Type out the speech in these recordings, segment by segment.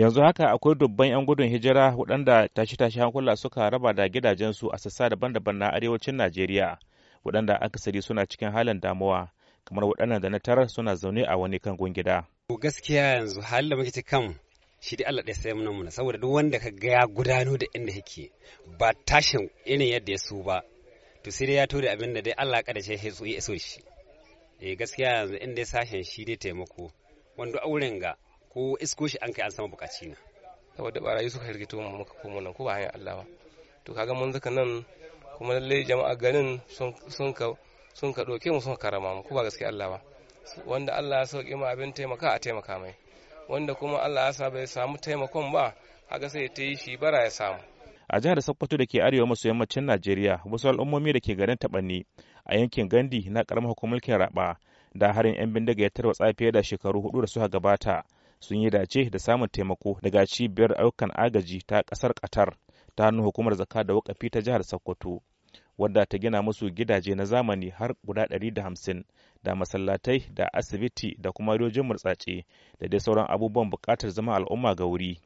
yanzu haka akwai dubban 'yan gudun hijira waɗanda tashi-tashi hankula suka raba da gidajensu a sassa daban-daban na arewacin najeriya waɗanda akasari suna cikin halin damuwa kamar waɗannan da na tarar suna zaune a wani kangon gida gaskiya yanzu halin da muke cikin shi dai Allah ɗaya sai muna muna saboda duk wanda ka gaya ya da inda yake ba tashin irin yadda ya su ba to sai dai ya tura abin da dai Allah ya kada shi ya so shi eh gaskiya yanzu inda ya sashen shi dai taimako wanda auren ga ko isko shi an kai an sama bukaci na saboda barayi suka hirgito mu muka komo nan ko ba hanyar Allah ba to kaga mun zaka nan kuma lalle jama'a ganin sun ka sun ka doke mu sun karama mu ko ba gaskiya Allah ba wanda Allah ya sauke mu abin taimaka a taimaka mai wanda kuma Allah ya sa bai samu taimakon ba kaga sai ta yi shi bara ya samu a jihar Sokoto da ke arewa maso yammacin Najeriya wasu al'ummomi da ke garin Tabanni a yankin Gandi na karamar hukumar Raba da harin 'yan bindiga ya tarwatsa fiye da shekaru hudu da suka gabata sun yi dace da samun taimako daga cibiyar ayyukan agaji ta kasar qatar ta hannun hukumar zakka da wakafi ta jihar sokoto wadda ta gina musu gidaje na zamani har guda 150 da masallatai da asibiti da kuma rojin murtsace da dai sauran abubuwan bukatar zama al'umma ga wuri.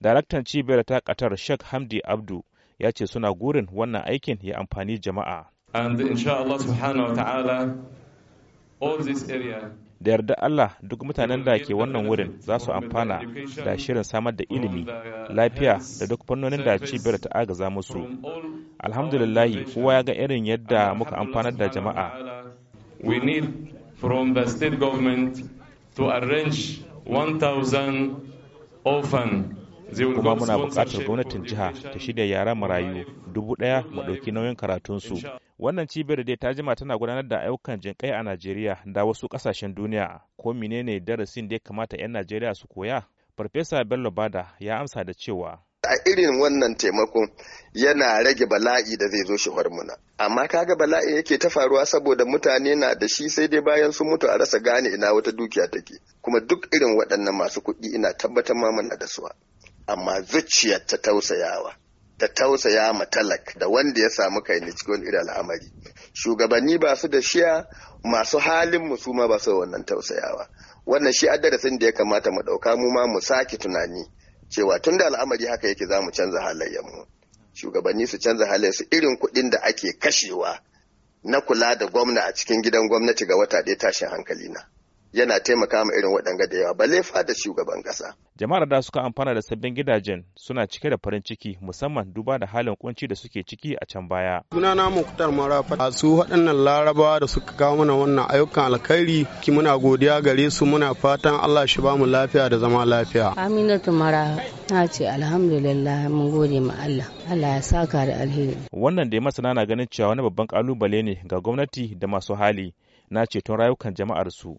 Daraktan cibiyar ta Qatar Sheikh Hamdi Abdu ya ce suna gurin wannan aikin ya amfani jama'a. And insha Allah subhanahu wa ta'ala all this area da yarda Allah duk mutanen da ke wannan wurin za su amfana da shirin samar da ilimi lafiya da duk fannonin da cibiyar ta agaza musu alhamdulillahi kowa ya ga irin yadda muka amfanar da jama'a we need from the state government to arrange 1000 orphan kuma muna buƙatar gwamnatin jiha ta shirya yara marayu dubu ɗaya mu ɗauki nauyin karatunsu wannan cibiyar dai ta jima tana gudanar da ayyukan jinƙai a najeriya da wasu ƙasashen duniya ko menene darasin da ya kamata 'yan najeriya su koya farfesa bello bada ya amsa da cewa a irin wannan taimakon yana rage bala'i da zai zo shi muna amma kaga bala'i yake ta faruwa saboda mutane na da shi sai dai bayan sun mutu a rasa gane ina wata dukiya take kuma duk irin waɗannan masu kuɗi ina tabbatar ma muna da suwa amma zuciyar ta tausayawa ta tausaya ma talak da wanda ya samu kai ne cikin irin al'amari shugabanni ba su da shiya masu halin mu su ma ba su wannan tausayawa wannan shi darasin da ya kamata mu ɗauka mu ma mu sake tunani cewa tun da al'amari haka yake za mu canza halayen mu shugabanni su canza halayen su irin kuɗin da ake kashewa na kula da gwamna a cikin gidan gwamnati ga wata ɗaya tashin hankali na yana taimaka ma irin waɗanga da yawa balle fata shugaban ƙasa. Jama'ar da suka amfana da sabbin gidajen suna cike da farin ciki musamman duba da halin kunci da suke ciki a can baya. Sunana Muktar Marafa su waɗannan Larabawa da suka kawo mana wannan ayyukan alkhairi ki muna godiya gare su muna fatan Allah shi bamu lafiya da zama lafiya. Aminatu Mara na ce alhamdulillah mun gode ma Allah. Allah ya saka da alheri. Wannan da ya masana na ganin cewa wani babban kalubale ne ga gwamnati da masu hali na ceton rayukan jama'ar su.